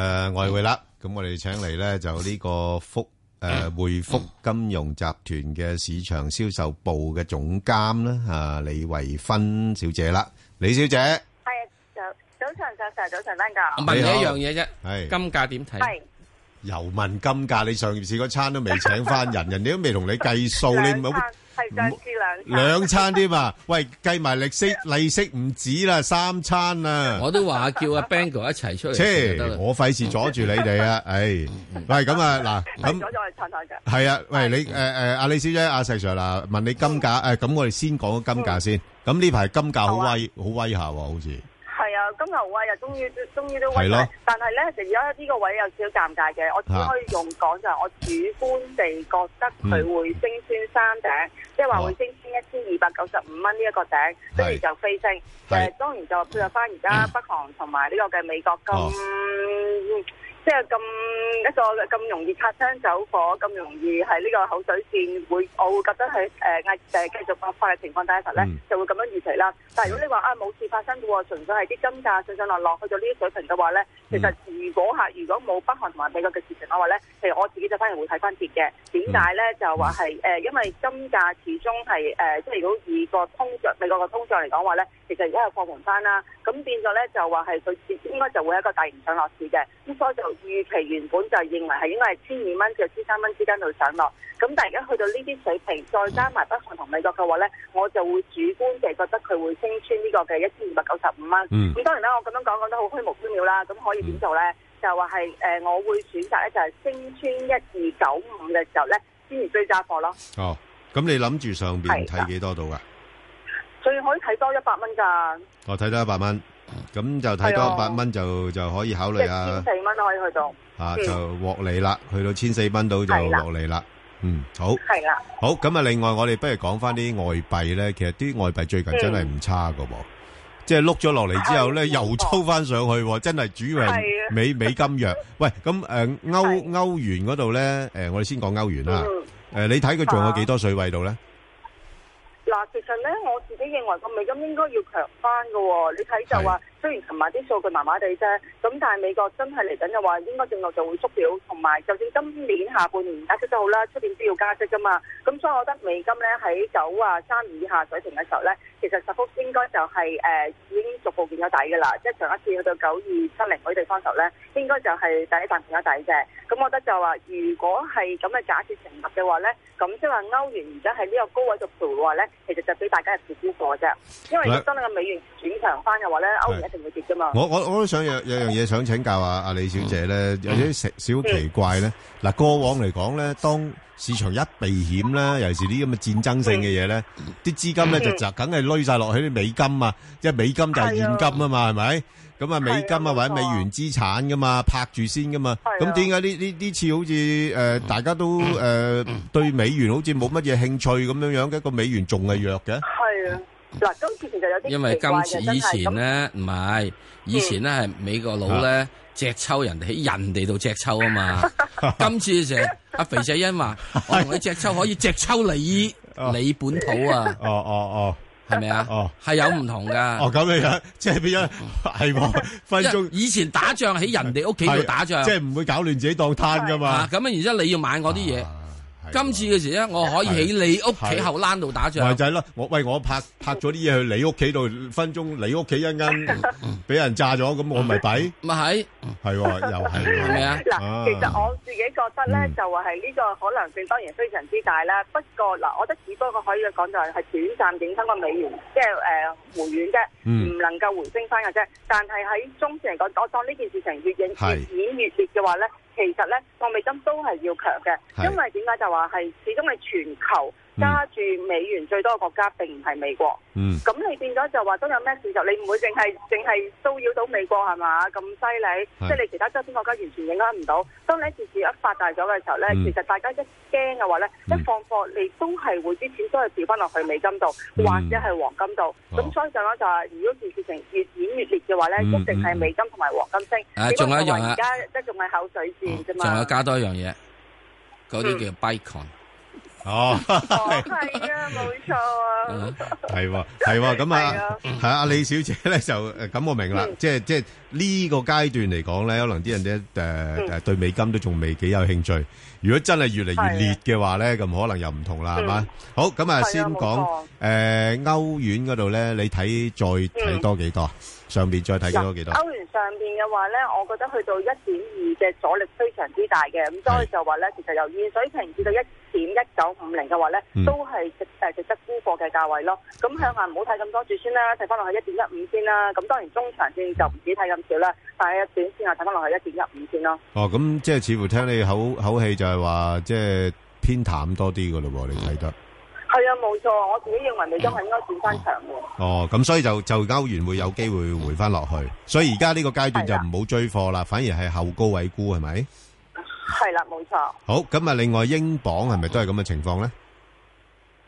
誒，外匯啦，咁我哋請嚟咧就呢個福誒匯福金融集團嘅市場銷售部嘅總監啦，啊李慧芬小姐啦，李小姐，係，早，早晨，早晨，早晨，大家，問你一樣嘢啫，係，金價點睇？又問金價，你上次嗰餐都未請翻人，人哋都未同你計數，你唔係。兩餐添啊！喂，計埋利息，利息唔止啦，三餐啊！我都話叫阿 Bang 哥一齊出嚟，切，我費事阻住你哋啊！唉，喂，咁啊，嗱，咁咗係啊！喂，你誒誒，阿李小姐、阿細 Sir 嗱，問你金價誒，咁我哋先講個金價先，咁呢排金價好威，好威下好似。金牛啊，又終於終於都威，但係咧，成而家呢個位有少少尷尬嘅，我只可以用講就係我主觀地覺得佢會升穿山頂，嗯、即係話會升穿一千二百九十五蚊呢一個頂，跟住、嗯、就飛升。誒的、呃，當然就配合翻而家北韓同埋呢個嘅美國金。嗯嗯即係咁一個咁容易擦槍走火，咁容易係呢個口水戰，會我會覺得係誒壓誒繼續爆發嘅情況底下咧，嗯、就會咁樣預期啦。但係如果你話啊冇事發生嘅喎，純粹係啲金價上上落落去到呢啲水平嘅話咧，其實如果係如果冇北韓同埋美國嘅事情嘅話咧，譬如我自己就反而會睇翻跌嘅。點解咧？就話係誒，因為金價始終係誒、呃，即係如果以個通脹美國嘅通脹嚟講話咧。其實而家又放盤翻啦，咁變咗咧就話係佢應該就會一個大型上落市嘅，咁所以就預期原本就認為係應該係千二蚊至千三蚊之間度上落，咁但係而家去到呢啲水平，再加埋北韓同美國嘅話咧，我就會主觀地覺得佢會升穿呢個嘅一千二百九十五蚊。嗯。咁當然啦，我咁樣講講得好虛無縹緲啦，咁可以點做咧？嗯、就話係誒，我會選擇咧就係、是、升穿一二九五嘅時候咧，先至追揸貨咯。哦，咁你諗住上邊睇幾多度㗎？最可以睇多一百蚊噶，哦，睇多一百蚊，咁就睇多一百蚊就就可以考慮啊，千四蚊都可以去到，啊，就獲利啦，去到千四蚊度就獲利啦，嗯，好，係啦，好，咁啊，另外我哋不如講翻啲外幣咧，其實啲外幣最近真係唔差噶喎，即係碌咗落嚟之後咧，又抽翻上去，真係主要係美美金弱，喂，咁誒歐歐元嗰度咧，誒，我哋先講歐元啦，誒，你睇佢仲有幾多水位度咧？嗱，其實咧，我自己認為個美金應該要強翻㗎喎，你睇就話。雖然琴日啲數據麻麻地啫，咁但係美國真係嚟緊嘅話，應該正路就會縮表。同埋，就算今年下半年加息都好啦，出年都要加息噶嘛。咁所以我覺得美金咧喺九啊三以下水平嘅時候咧，其實十幅應該就係誒已經逐步見咗底噶啦。即係上一次去到九二七零嗰啲地方時候咧，應該就係第一層見咗底嘅。咁我覺得就話，如果係咁嘅假設成立嘅話咧，咁即係話歐元而家喺呢個高位度徘徊咧，其實就俾大家係接招過嘅啫。因為真係個美元轉強翻嘅話咧，是歐元。我我我都想有有樣嘢想請教下阿李小姐咧，有啲少少奇怪咧。嗱，過往嚟講咧，當市場一避險啦，尤其是啲咁嘅戰爭性嘅嘢咧，啲資金咧就集，梗係攞晒落去啲美金啊，即係美金就係現金啊嘛，係咪？咁啊，美金啊或者美元資產噶嘛，拍住先噶嘛。咁點解呢呢呢次好似誒，大家都誒對美元好似冇乜嘢興趣咁樣樣嘅，個美元仲係弱嘅？係啊。嗱，今次其實有啲奇怪嘅，真係。因為今次以前咧唔係，以前咧係美國佬咧，隻揪人哋喺人哋度隻揪啊嘛。今次成阿肥仔欣話，我同你隻揪可以隻揪你，你本土啊。哦哦哦，係咪啊？哦，係有唔同㗎。哦，咁啊，即係變咗係分鐘。以前打仗喺人哋屋企度打仗，即係唔會搞亂自己當攤㗎嘛。咁啊，然之後你要買我啲嘢。今次嘅時咧，我可以喺你屋企後欄度打仗，咪就係咯、是。我喂，我拍拍咗啲嘢，去你屋企度，分鐘你屋企一間俾人炸咗，咁我咪抵，咪係，係又係，係咪的啊？嗱，其實我自己覺得咧，嗯、就係呢個可能性當然非常之大啦。不過嗱，我覺得只不過可以講就係，係短暫影響個美元，即係誒回軟啫，唔能夠回升翻嘅啫。但係喺中線嚟講，我當呢件事情越影越演越烈嘅話咧。其實咧，放美金都係要強嘅，因為點解就話係始終係全球揸住美元最多嘅國家並唔係美國，咁你變咗就話，都有咩事就你唔會淨係淨係騷擾到美國係嘛？咁犀利，即係你其他周邊國家完全影響唔到。當你一件事一發大咗嘅時候咧，其實大家一驚嘅話咧，一放貨你都係會啲錢都係掉翻落去美金度，或者係黃金度。咁所以就咧就係，如果件事情越演越烈嘅話咧，一定係美金同埋黃金升。誒，仲有一樣啊，即係仲係口水戰啫嘛。仲有加多一樣嘢，嗰啲叫哦，係啊，冇錯啊，係係咁啊，係阿李小姐咧就，誒，咁我明啦，即係即係呢個階段嚟講咧，可能啲人咧誒誒對美金都仲未幾有興趣。如果真係越嚟越烈嘅話咧，咁可能又唔同啦，係嘛。好，咁啊先講誒歐元嗰度咧，你睇再睇多幾多？上邊再睇多幾多？歐元上邊嘅話咧，我覺得去到一點二嘅阻力非常之大嘅，咁所以就話咧，其實由現水平至到一。點一九五零嘅話咧，都係值誒值得沽貨嘅價位咯。咁向下唔好睇咁多住先啦，睇翻落去一點一五先啦。咁當然中長線就唔止睇咁少啦，但係一短線啊睇翻落去一點一五先咯。哦，咁即係似乎聽你口口氣就係話，即係偏淡多啲噶咯。你睇得？係啊，冇錯，我自己認為你都係應該轉翻長嘅。哦，咁所以就就歐元會有機會回翻落去，所以而家呢個階段就唔好追貨啦，反而係後高位沽係咪？係啦，冇錯。好，咁啊，另外英鎊係咪都係咁嘅情況咧？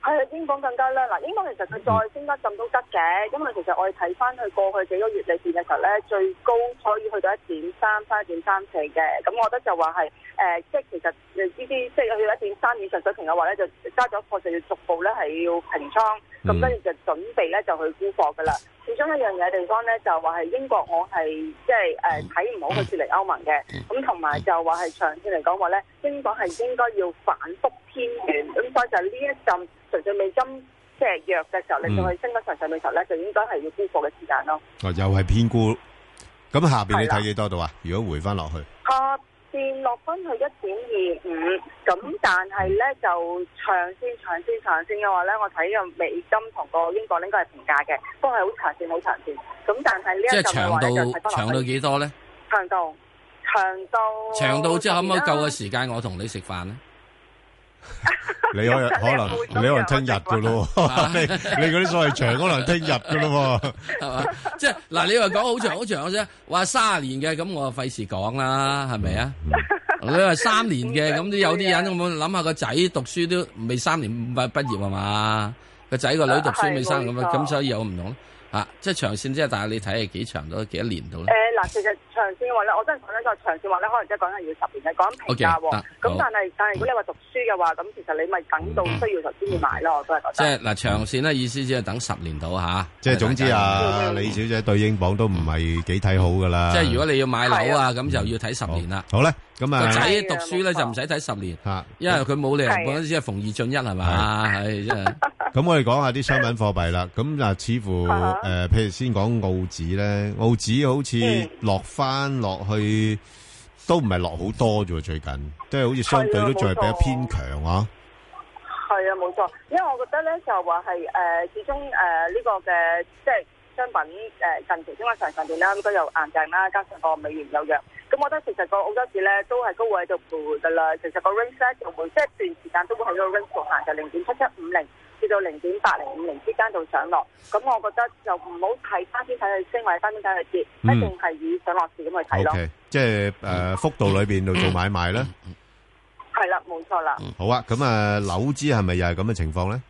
係啊，英鎊更加叻嗱，英鎊其實佢再升得咁都得嘅，因為其實我哋睇翻佢過去幾個月裏邊嘅時候咧，最高可以去到一點三三、一點三四嘅。咁我覺得就話係誒，即係其實呢啲即係去到一點三以上水平嘅話咧，就揸咗貨就要逐步咧係要平倉，咁跟住就準備咧就去沽貨㗎啦。其中一樣嘢地方咧就話係英國我，我係即係誒睇唔好去脱離歐盟嘅，咁同埋就話係長線嚟講話咧，英鎊係應該要反覆偏軟，咁所以就呢一陣。純粹美金即係弱嘅時候，你、嗯、再去升得上升上嘅時候咧，就應該係要沽貨嘅時間咯。哦，又係偏沽。咁下邊你睇幾多度啊？的如果回翻落去，下跌、啊、落翻去一點二五。咁但係咧就長線、長線、長線嘅話咧，我睇嘅美金同個英鎊咧應該係平價嘅，都係好長線、好長線。咁但係呢一個就話就睇翻落去。長到長到幾多咧？長到長到。長到即係可唔可以夠嘅時間？我同你食飯咧？ 你可能可，可，可能你可能聽日噶咯，你嗰啲所謂長可能聽日噶咯，係 嘛？ 即係嗱，你話講好長好長嘅啫，話卅年嘅，咁我費事講啦，係咪啊？你話三年嘅，咁有啲人咁諗下個仔讀書都未三年唔畢 業係嘛？個仔個女讀書未生咁，咁、 嗯、所以有唔同。啊！即係長線啫，但係你睇係幾長到幾多年到咧？誒，嗱，其實長線話咧，我真係講緊個長線話咧，可能真係講緊要十年係講評價喎。咁但係但係，如果你話讀書嘅話，咁其實你咪等到需要就先要買咯。我都係覺，即係嗱，長線咧意思只係等十年到吓。即係總之啊，李小姐對英鎊都唔係幾睇好噶啦。即係如果你要買樓啊，咁就要睇十年啦。好咧。個仔讀書咧就唔使睇十年，吓、啊，因為佢冇理由嗰陣時係逢二進一係嘛，係是 真係。咁我哋講下啲商品貨幣啦。咁嗱，似乎誒、啊呃，譬如先講澳紙咧，澳紙好似落翻落去，都唔係落好多啫。最近即係好似相對都仲係比較偏強啊。係啊，冇錯。因為我覺得咧就話係誒，始終誒呢個嘅即係。就是商品誒近期因為上上段啦，咁都又硬淨啦，加上個美元又弱，咁我覺得其實個澳洲市咧都係高位喺度徘徊啦。其實個 range 咧就會即係一段時間都會喺個 range 度行，就零點七七五零至到零點八零五零之間度上落。咁我覺得就唔好睇單邊睇佢升，或者單邊睇佢跌，一定係以上落市咁去睇咯。即係誒幅度裏邊度做買賣咧。係啦，冇錯啦。好啊，咁啊樓市係咪又係咁嘅情況咧？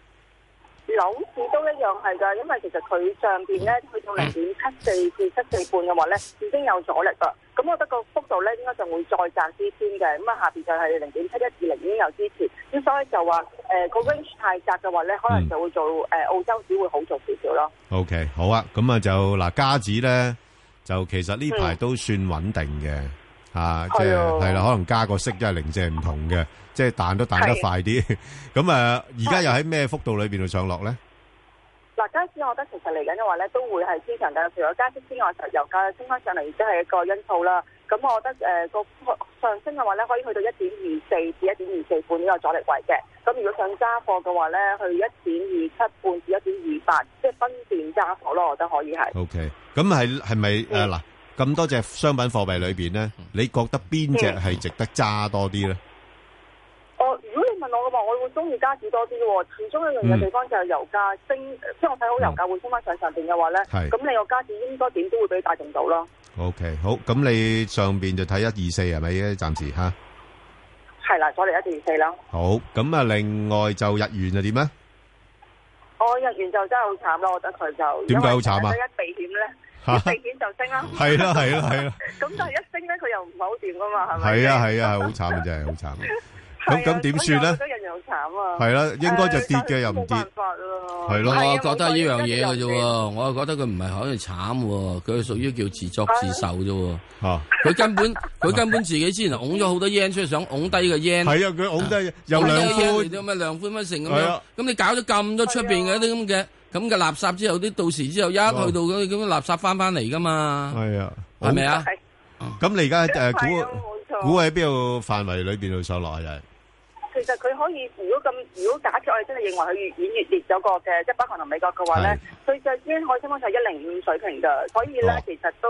樓市。又係噶，因為其實佢上邊咧去到零點七四至七四半嘅話咧，已經有阻力噶。咁我覺得個幅度咧，應該就會再窄啲先嘅。咁啊，下邊就係零點七一二零已經有支持。咁所以就話，誒個 range 太窄嘅話咧，可能就會做誒澳洲只會好做少少咯。OK，好啊。咁啊就嗱，加紙咧就其實呢排都算穩定嘅，啊即係係啦，可能加個息即係零舍唔同嘅，即係彈都彈得快啲。咁啊，而家又喺咩幅度裏邊度上落咧？嗱，加息，我覺得其實嚟緊嘅話咧，都會係堅強嘅。除咗加息之外，上上就油價升翻上嚟，亦都係一個因素啦。咁、嗯、我覺得誒、呃、個上升嘅話咧，可以去到一點二四至一點二四半呢個阻力位嘅。咁如果想揸貨嘅話咧，去一點二七半至一點二八，即係分段揸貨咯。我覺得可以係。O K. 咁係係咪誒嗱咁多隻商品貨幣裏邊咧，你覺得邊隻係值得揸多啲咧？我我會中意加紙多啲，其中一樣嘅地方就係油價升，即係我睇好油價會升翻上上邊嘅話咧，咁你個加紙應該點都會俾帶動到咯。OK，好，咁你上邊就睇一二四係咪咧？暫時吓，係啦，再嚟一二四啦。好，咁啊，另外就日元就點咧？我日元就真係好慘咯，我覺得佢就點解好慘啊？一避險咧，避險就升啦。係啦，係啦，係啦。咁但係一升咧，佢又唔係好掂噶嘛？係咪？係啊，係啊，係好慘啊！真係好慘啊！咁咁點算咧？係啦，應該就跌嘅又唔跌。係咯，我啊覺得呢樣嘢嘅啫喎，我啊覺得佢唔係可能慘喎，佢係屬於叫自作自受啫喎。吓，佢根本佢根本自己之前拱咗好多煙出嚟，想拱低個煙。係啊，佢拱低有兩灰咁啊，兩灰乜成咁樣。係啊，咁你搞咗咁多出邊嘅一啲咁嘅咁嘅垃圾之後，啲到時之後一去到嗰啲咁嘅垃圾翻翻嚟噶嘛？係啊，係咪啊？係。咁你而家誒估估喺邊個範圍裏邊度收落啊？就係。其實佢可以，如果咁，如果假設我哋真係認為佢越演越烈咗個嘅，即係北韓同美國嘅話咧，佢就先可以升翻晒一零五水平噶，所以咧、啊、其實都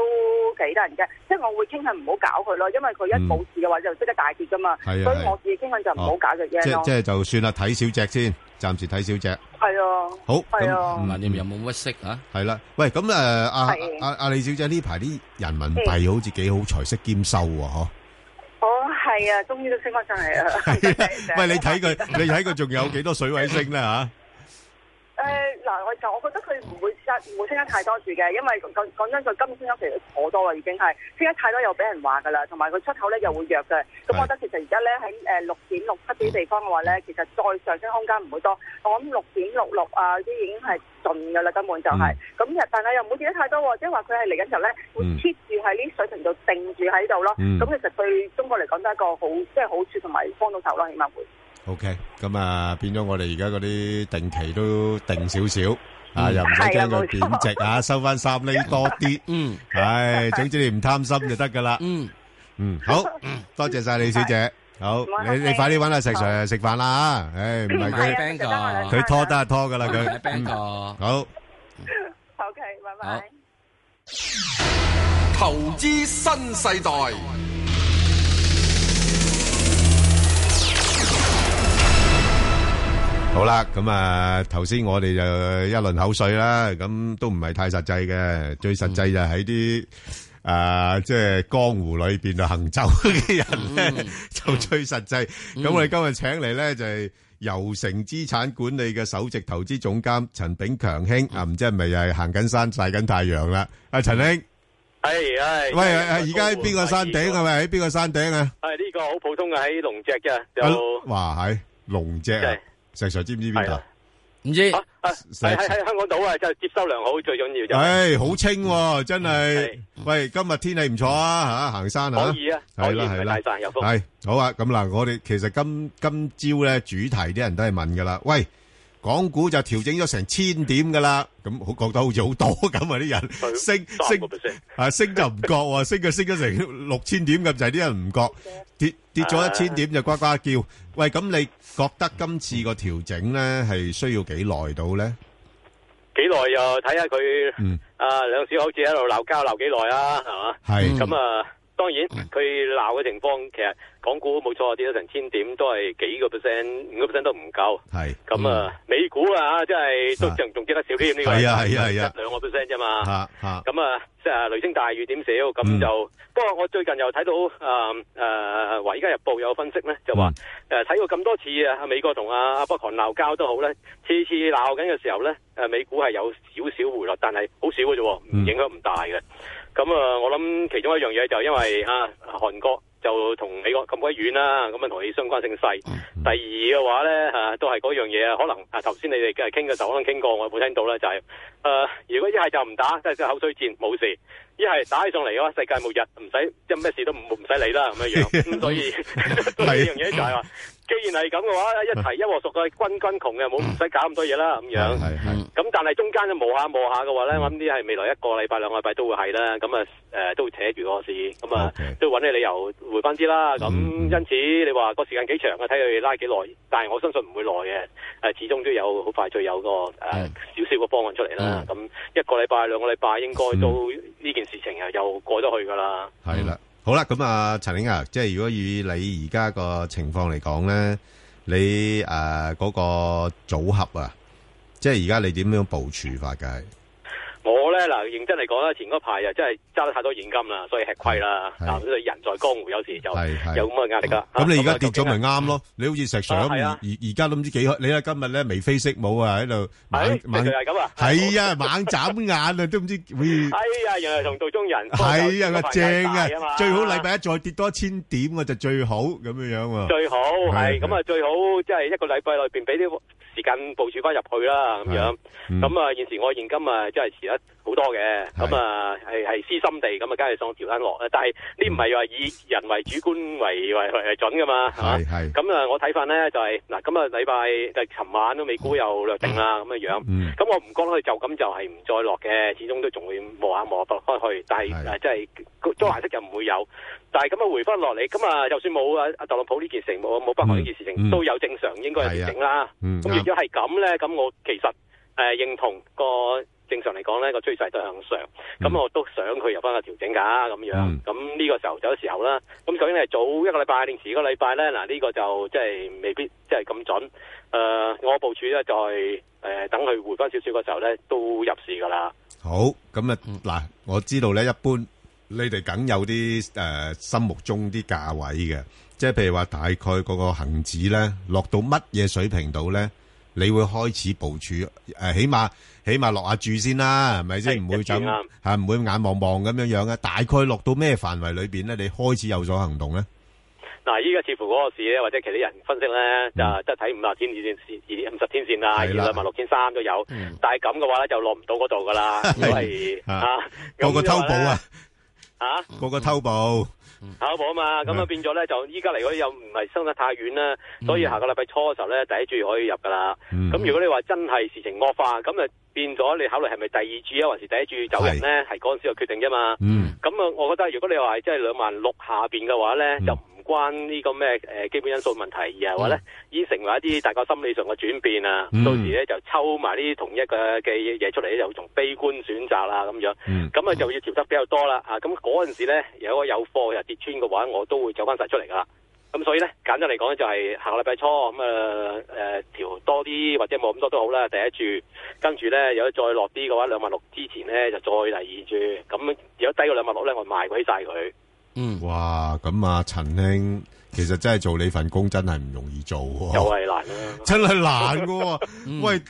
幾得人驚，即、就、係、是、我會傾向唔好搞佢咯，因為佢一冇事嘅話就識得、嗯、大跌噶嘛，所以我自己傾向就唔好搞嘅啫。即係、啊、就算啦，睇小只先，暫時睇小隻。係啊。好。係啊。咁你有冇乜識啊？係啦。喂，咁誒，阿阿阿李小姐呢排啲人民幣好似幾好，財色兼收喎，係啊，終於都升翻上嚟啦！係啊 的！ 喂，你睇佢，你睇佢仲有幾多水位升咧嚇？ 我覺得佢唔會，會升，唔會升得太多住嘅，因為講講真，佢今天其實好多啦，已經係升得太多又俾人話噶啦，同埋佢出口咧又會弱嘅。咁是我覺得其實而家咧喺誒六點六七點地方嘅話咧，其實再上升空間唔會多。我諗六點六六啊，啲已經係盡噶啦，根本就係、是、咁。嗯、但係又唔會跌得太多，即係話佢係嚟緊時候咧會貼住喺呢啲水平度定住喺度咯。咁、嗯、其實對中國嚟講都係一個好即係、就是、好處同埋幫到手咯，起碼會。OK，咁啊變咗我哋而家嗰啲定期都定少少，啊又唔使驚佢貶值啊，收翻三厘多啲，嗯，唉，總之你唔貪心就得㗎喇，嗯，嗯，好，多謝晒李小姐，好，你你快啲搵阿石 Sir 食飯啦吓，唉唔係佢 band 個，佢拖得就拖㗎喇佢，好，OK，拜拜，投資新世代。好啦，咁啊，頭先我哋就一輪口水啦，咁都唔係太實際嘅，最實際就喺啲誒，即係江湖裏邊啊行走嘅人咧，就最實際。咁我哋今日請嚟咧就係悠誠資產管理嘅首席投資總監陳炳強兄啊，唔知係咪又係行緊山曬緊太陽啦？阿陳兄，係係，喂，而家喺邊個山頂係咪？喺邊個山頂啊？係呢個好普通嘅喺龍脊嘅，有，哇，喺龍脊啊！石 Sir 知唔知邊度？唔知喺喺喺香港島啊，就接收良好，最重要就係好清、啊、真係。喂，今日天氣唔錯啊吓，行山啊可以啊，啊可以。係啦、啊，係啦、啊，係、啊、好啊。咁嗱，我哋其實今今朝咧主題啲人都係問噶啦，喂。港股就調整咗成千點㗎喇，咁好覺得好似好多咁啊！啲人升升啊升就唔覺喎，升就升咗成六千點咁，就係啲人唔覺跌跌咗一千點就呱呱叫。喂，咁你覺得今次個調整咧係需要幾耐到咧？幾耐又睇下佢啊兩小口子喺度鬧交鬧幾耐啊，係嘛？係咁啊！當然，佢鬧嘅情況，其實港股冇錯，跌咗成千點，都係幾個 percent，五個 percent 都唔夠。係咁、嗯、啊，美股啊，即係都仲仲跌得少啲。呢個係啊係啊係啊，兩個 percent 啫嘛。咁啊，即係雷聲大雨點小，咁就不過我最近又睇到啊啊，華爾街日報有分析咧，就話誒睇過咁多次啊，美國同阿北韓鬧交都好咧，次次鬧緊嘅時候咧，誒美股係有少少回落，但係好少嘅啫，唔影響唔大嘅。咁啊、嗯，我諗其中一樣嘢就因為啊，韓國就同美國咁鬼遠啦，咁啊同佢相關性細。第二嘅話咧吓、啊，都係嗰樣嘢啊，可能啊，頭先你哋嘅傾嘅時候可能傾過，我有冇聽到啦，就係、是、誒、啊，如果一係就唔打，即係只口水戰，冇事。一係打起上嚟嘅話，世界末日唔使，即係咩事都唔唔使理啦咁樣樣，咁所以第二樣嘢就係話，既然係咁嘅話，一齊一鑊熟嘅，均均窮嘅，冇唔使搞咁多嘢啦咁樣。係咁、 嗯、但係中間就磨下磨下嘅話、嗯、我諗啲係未來一個禮拜、兩個禮拜都會係啦。咁啊，誒、呃、都會扯住個市，咁、嗯、啊、嗯、都搵你理由回翻啲啦。咁因此你話個時間幾長啊？睇佢拉幾耐，但係我相信唔會耐嘅，誒始終都有好快就有個誒少、呃嗯、少個方案出嚟啦。咁、嗯嗯、一個禮拜、兩個禮拜應該都呢件。事情啊，又過得去㗎啦。係啦，好啦，咁、嗯、啊，陳玲啊，即係如果以你而家個情況嚟講咧，你誒嗰、呃那個組合啊，即係而家你點樣部署法嘅？我咧嗱，認真嚟講咧，前嗰排又真係揸得太多現金啦，所以吃虧啦。嗱，所以人在江湖，有時就有咁嘅壓力啦。咁你而家跌咗咪啱咯？你好似石 Sir 咁，而而家都唔知幾開。你睇今日咧眉飛色舞啊，喺度猛，係啊，猛眨眼啊，都唔知。哎呀，原來同道中人。係啊，正啊，最好禮拜一再跌多一千點，我就最好咁樣樣喎。最好，係咁啊，最好，即係一個禮拜內邊俾啲。時間部署翻入去啦，咁的樣咁啊、嗯、現時我現金啊即係遲一。好多嘅，咁啊，係係私心地，咁啊，梗係想調翻落啊！但係呢，唔係話以人為主觀為為為準噶嘛？係咁啊！我睇法咧就係嗱，咁啊，禮拜就係尋晚都未股又略整啦，咁嘅樣。咁我唔覺得佢就咁就係唔再落嘅，始終都仲會磨下磨下落開去。但係即係個多顏色就唔會有。但係咁啊，回翻落嚟，咁啊，就算冇啊，阿特朗普呢件事冇冇崩行呢件事情，都有正常應該係調整啦。咁如果係咁咧，咁我其實誒認同個。正常嚟講呢個趨勢都向上，咁我都想佢入翻個調整㗎咁樣。咁呢個時候就啲時候啦。咁究竟係早一個禮拜定遲一個禮拜咧，嗱呢個就即係未必即係咁準。誒，我部署咧，就係誒等佢回翻少少嘅時候咧，都入市㗎啦。好，咁啊嗱，我知道咧，一般你哋梗有啲誒心目中啲價位嘅，即係譬如話大概嗰個恆指咧落到乜嘢水平度咧？你會開始部署誒，起碼起碼落下注先啦，係咪先？唔會咁吓，唔會眼望望咁樣樣嘅。大概落到咩範圍裏邊咧？你開始有所行動咧？嗱，依家似乎嗰個事咧，或者其他人分析咧，就即係睇五十天線、五十天線啦，二兩萬六千三都有。但係咁嘅話咧，就落唔到嗰度噶啦，因為啊，個個偷保啊，啊，個個偷保。跑步啊嘛，咁啊、嗯、變咗咧就依家嚟講又唔係升得太遠啦，嗯、所以下個禮拜初嘅時候咧，第一注可以入噶啦。咁、嗯、如果你話真係事情惡化，咁啊變咗你考慮係咪第二注啊還是第一注走人咧？係嗰陣時嘅決定啫嘛。咁啊、嗯，我覺得如果你話即係兩萬六下邊嘅話咧。嗯就關呢個咩誒、呃、基本因素問題，而係話咧，已經成為一啲大家心理上嘅轉變啊，嗯、到時咧就抽埋呢啲同一個嘅嘢出嚟，又從悲觀選擇啦咁樣，咁啊、嗯、就要調得比較多啦啊！咁嗰陣時咧，如果有貨又跌穿嘅話，我都會走翻晒出嚟噶啦。咁、啊、所以咧，簡單嚟講咧，就係下個禮拜初咁啊誒調多啲，或者冇咁多都好啦，第一注，跟住咧有再落啲嘅話，兩萬六之前咧就再第二注，咁如果低過兩萬六咧，我賣鬼晒佢。嗯，哇，咁啊，陳兄，其實真係做呢份工真係唔容易做，又係難啦，真係難噶，喂，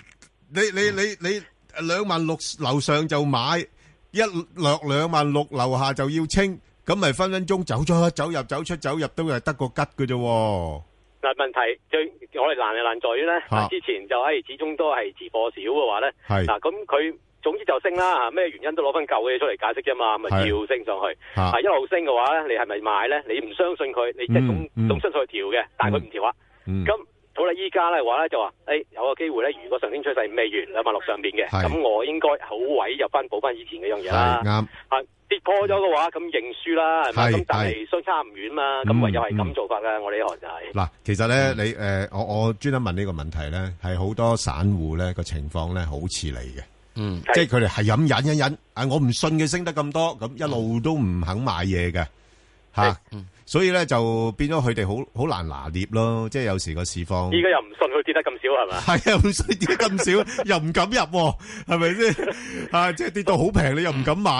你你你你兩萬六樓上就買，一落兩萬六樓下就要清，咁咪分分鐘走咗，走入走出走入都係得個吉㗎啫。嗱，問題最我哋難係難在咧，之前就係始終都係持貨少嘅話咧，嗱，咁佢。總之就升啦，咩原因都攞翻舊嘅嘢出嚟解釋啫嘛，咪照升上去啊，一路升嘅話咧，你係咪買咧？你唔相信佢，你即係總相信佢調嘅，但係佢唔調啊。咁好啦，依家咧話咧就話，誒，有個機會咧，如果上升趨勢未完兩萬六上邊嘅，咁我應該好位入翻補翻以前嗰樣嘢啦。啱啊，跌破咗嘅話咁認輸啦，係嘛咁，但係相差唔遠嘛，咁唯有係咁做法啦。我呢行就係嗱，其實咧你誒，我我專登問呢個問題咧，係好多散戶咧個情況咧好似你嘅。嗯，即係佢哋係咁忍一忍，啊，我唔信佢升得咁多，咁一路都唔肯買嘢嘅，吓、啊。嗯所以咧就變咗佢哋好好難拿捏咯，即係有時個市況。依家又唔信佢跌得咁少係嘛？係啊，唔信跌得咁少，又唔敢入，係咪先？啊，即係跌到好平，你又唔敢買。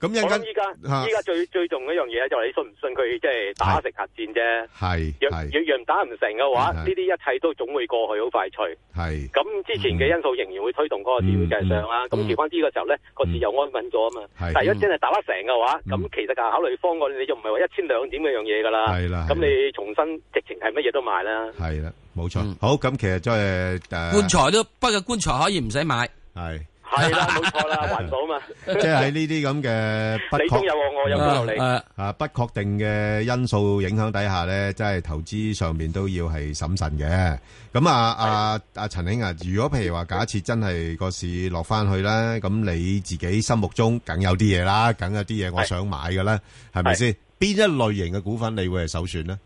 咁依家依家依家最最重一樣嘢就係你信唔信佢即係打成核戰啫？係若若打唔成嘅話，呢啲一切都總會過去好快脆。係咁之前嘅因素仍然會推動嗰個市繼續上啦。咁調翻啲嘅時候咧，個市又安穩咗啊嘛。但係如果真係打得成嘅話，咁其實就考慮方案，你就唔係話一千兩點嘅樣，嘢噶啦，係啦，咁你重新直情係乜嘢都買啦，係啦，冇錯。好，咁其實即係誒，棺材都不過棺材可以唔使買，係係啦，冇錯啦，環保嘛。即係喺呢啲咁嘅，你中有我，我有你啊，不確定嘅因素影響底下咧，真係投資上面都要係審慎嘅。咁啊，阿阿陳兄啊，如果譬如話假設真係個市落翻去啦，咁你自己心目中梗有啲嘢啦，梗有啲嘢我想買噶啦，係咪先？邊一類型嘅股份你會係首選呢？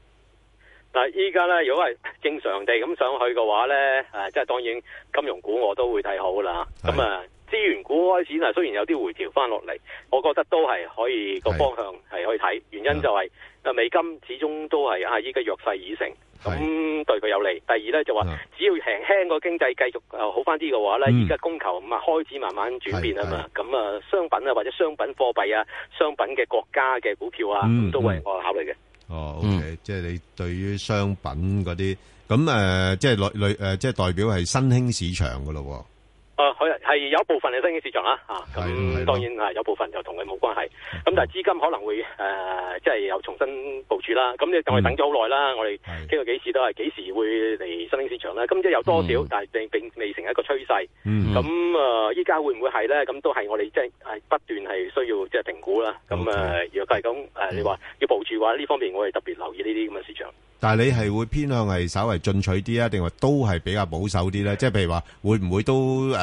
但係依家呢，如果係正常地咁上去嘅話呢，誒、啊，即係當然，金融股我都會睇好噶啦。咁是啊，啊，資源股開始啊，雖然有啲回調翻落嚟，我覺得都係可以個方向係可以睇，是啊、原因就係、是。就美金始終都係啊，依家弱勢已成，咁對佢有利。第二咧就、啊、話，只要輕輕個經濟繼續啊好翻啲嘅話咧，依家供求唔啊開始慢慢轉變啊嘛，咁啊、嗯、商品啊或者商品貨幣啊，商品嘅國家嘅股票啊，嗯、都係我考慮嘅。哦，OK、嗯、即係你對於商品嗰啲咁誒，即係、呃、代表係新興市場嘅咯。啊，佢係有一部分嘅新興市場啦，啊，咁當然係有部分就同佢冇關係，咁但係資金可能會誒，即、呃、係、就是、有重新部署啦。咁你就係等咗好耐啦，嗯、我哋傾過幾次都係幾時，的時會嚟新興市場啦。咁即係有多少？嗯、但係並，並未成為一個趨勢。咁啊、嗯哼，依家、呃、會唔會係咧？咁都係我哋即係係不斷係需要即係評估啦。咁啊，okay, 呃、如果係咁誒，你話要部署嘅話，呢方面我哋特別留意呢啲咁嘅市場。嗯、但係你係會偏向係稍為進取啲啊，定係都係比較保守啲咧？即係譬如話，會唔會都？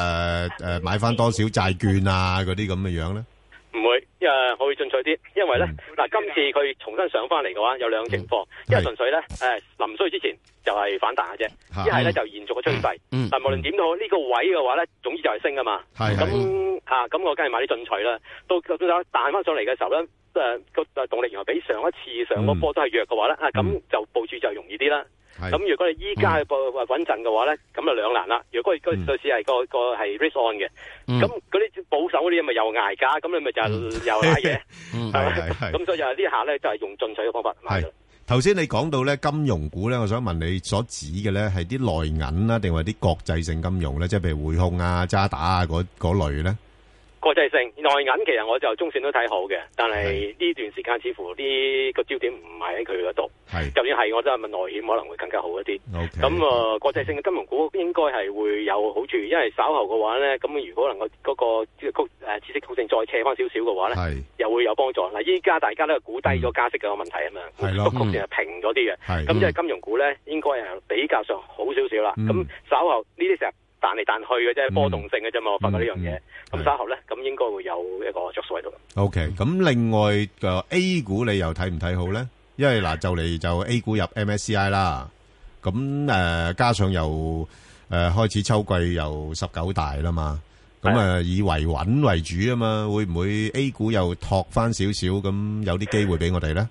誒誒、呃，買翻多少債券啊？嗰啲咁嘅樣咧，唔會，因為我會進取啲，因為咧嗱，嗯、今次佢重新上翻嚟嘅話，有兩情況，一係純粹咧誒，臨衰的、呃、之前就係反彈嘅啫，一係咧就延續嘅趨勢。嗯嗯、但無論點都好，呢、這個位嘅話咧，總之就係升啊嘛。係係的。那啊，咁我梗係買啲進取啦。到嗰種彈翻上嚟嘅時候咧，誒個動力原來比上一次上個波都係弱嘅話咧，啊咁就部署就容易啲啦。咁如果你依家嘅波穩陣嘅話咧，咁就兩難啦。如果嗰個次係個個 risk on 嘅，咁嗰啲保守嗰啲咪又捱價，咁你咪就又捱嘢。咁所以係呢下咧就係用進取嘅方法。係頭先你講到咧金融股咧，我想問你所指嘅咧係啲內銀啦，定係啲國際性金融咧？即係譬如匯控啊、渣打啊嗰類咧？國際性內銀，其實我就中線都睇好嘅，但係呢段時間似乎呢個焦點唔係喺佢嗰度。係是，就算係我真係問內險可能會更加好一啲。咁啊 Okay, 國際性嘅金融股應該係會有好處，因為稍後嘅話咧，咁如果能夠嗰個曲誒，即係曲線再斜翻少少嘅話咧，係是又會有幫助。嗱，依家大家都咧估低咗加息嘅問題啊嘛，係咯、嗯，都曲線係平咗啲嘅。咁、嗯、即係金融股咧，應該係比較上好少少啦。咁、嗯、稍後呢啲時候。.彈嚟彈去嘅啫，波動性嘅啫嘛，我發覺、嗯、呢樣嘢。咁稍後咧，咁應該會有一個着數喺度。O K. 咁另外嘅 A 股你又睇唔睇好咧？因為嗱，就嚟就 A 股入 M S C I 啦。咁誒、呃，加上又誒、呃、開始秋季又十九大啦嘛。咁誒的、呃、以維穩為主啊嘛，會唔會 A 股又托翻少少？咁有啲機會俾我哋咧、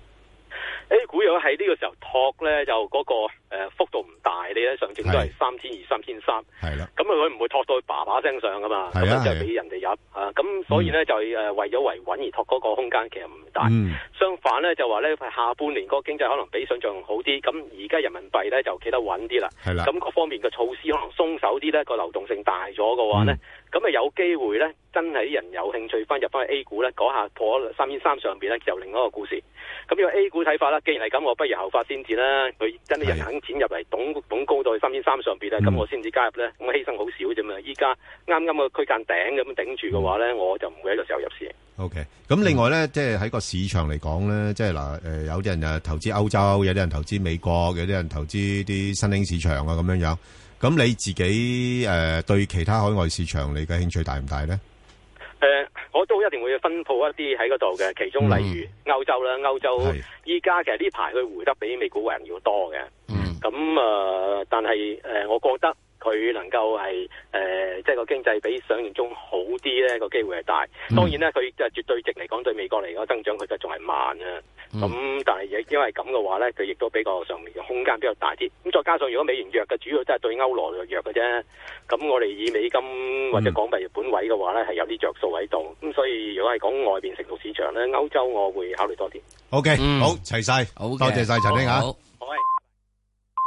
嗯、？A 股又喺呢個時候托咧，就嗰、那個。誒、呃、幅度唔大，你咧上證都係三千二、三千三，係啦的。咁、嗯、啊，佢唔會托到佢爸爸聲上㗎嘛，咁就俾人哋入嚇。咁所以咧、嗯、就誒為咗維穩而托嗰個空間其實唔大，嗯、相反咧就話咧，下半年嗰個經濟可能比想象好啲。咁而家人民幣咧就企得穩啲啦。咁的各方面嘅措施可能鬆手啲咧，個流動性大咗嘅話咧，咁啊、嗯、有機會咧，真係啲人有興趣翻入翻去 A 股咧，嗰下破三千三上邊咧就另一個故事。咁如果 A 股睇法啦，既然係咁，我不如後發先至啦。佢真係人肯的。人肯錢入嚟，等等高到去三千三上邊咧，咁、嗯、我先至加入咧。咁、那、犧、個、牲少好少啫嘛。依家啱啱個區間頂咁頂住嘅話咧，我就唔會喺個時候入市。O K，咁另外咧，嗯、即係喺個市場嚟講咧，即係嗱，誒、呃，有啲人啊投資歐洲，有啲人投資美國，有啲人投資啲新興市場啊，咁樣樣。咁你自己誒、呃，對其他海外市場你嘅興趣大唔大咧？誒、呃，我都一定會分佈一啲喺嗰度嘅，其中例如歐洲啦，歐、嗯、洲依家是其實呢排佢回得比美股嘅人要多嘅。嗯。嗯咁啊、呃，但係誒、呃，我覺得佢能夠係誒，即、呃、係、就是、個經濟比想象中好啲咧個機會係大。嗯、當然咧，佢即係絕對值嚟講，對美國嚟講增長佢就仲係慢啊。咁、嗯、但係亦因為咁嘅話咧，佢亦都比較上面嘅空間比較大啲。咁再加上如果美元弱嘅，主要都係對歐羅弱嘅啫。咁我哋以美金或者港幣本位嘅話咧，係、嗯、有啲着數喺度。咁所以如果係講外邊成熟市場咧，歐洲我會考慮多啲。O Okay , K，嗯、好齊晒，好 okay, 多謝晒陳生啊。好。